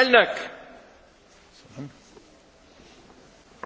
elnök!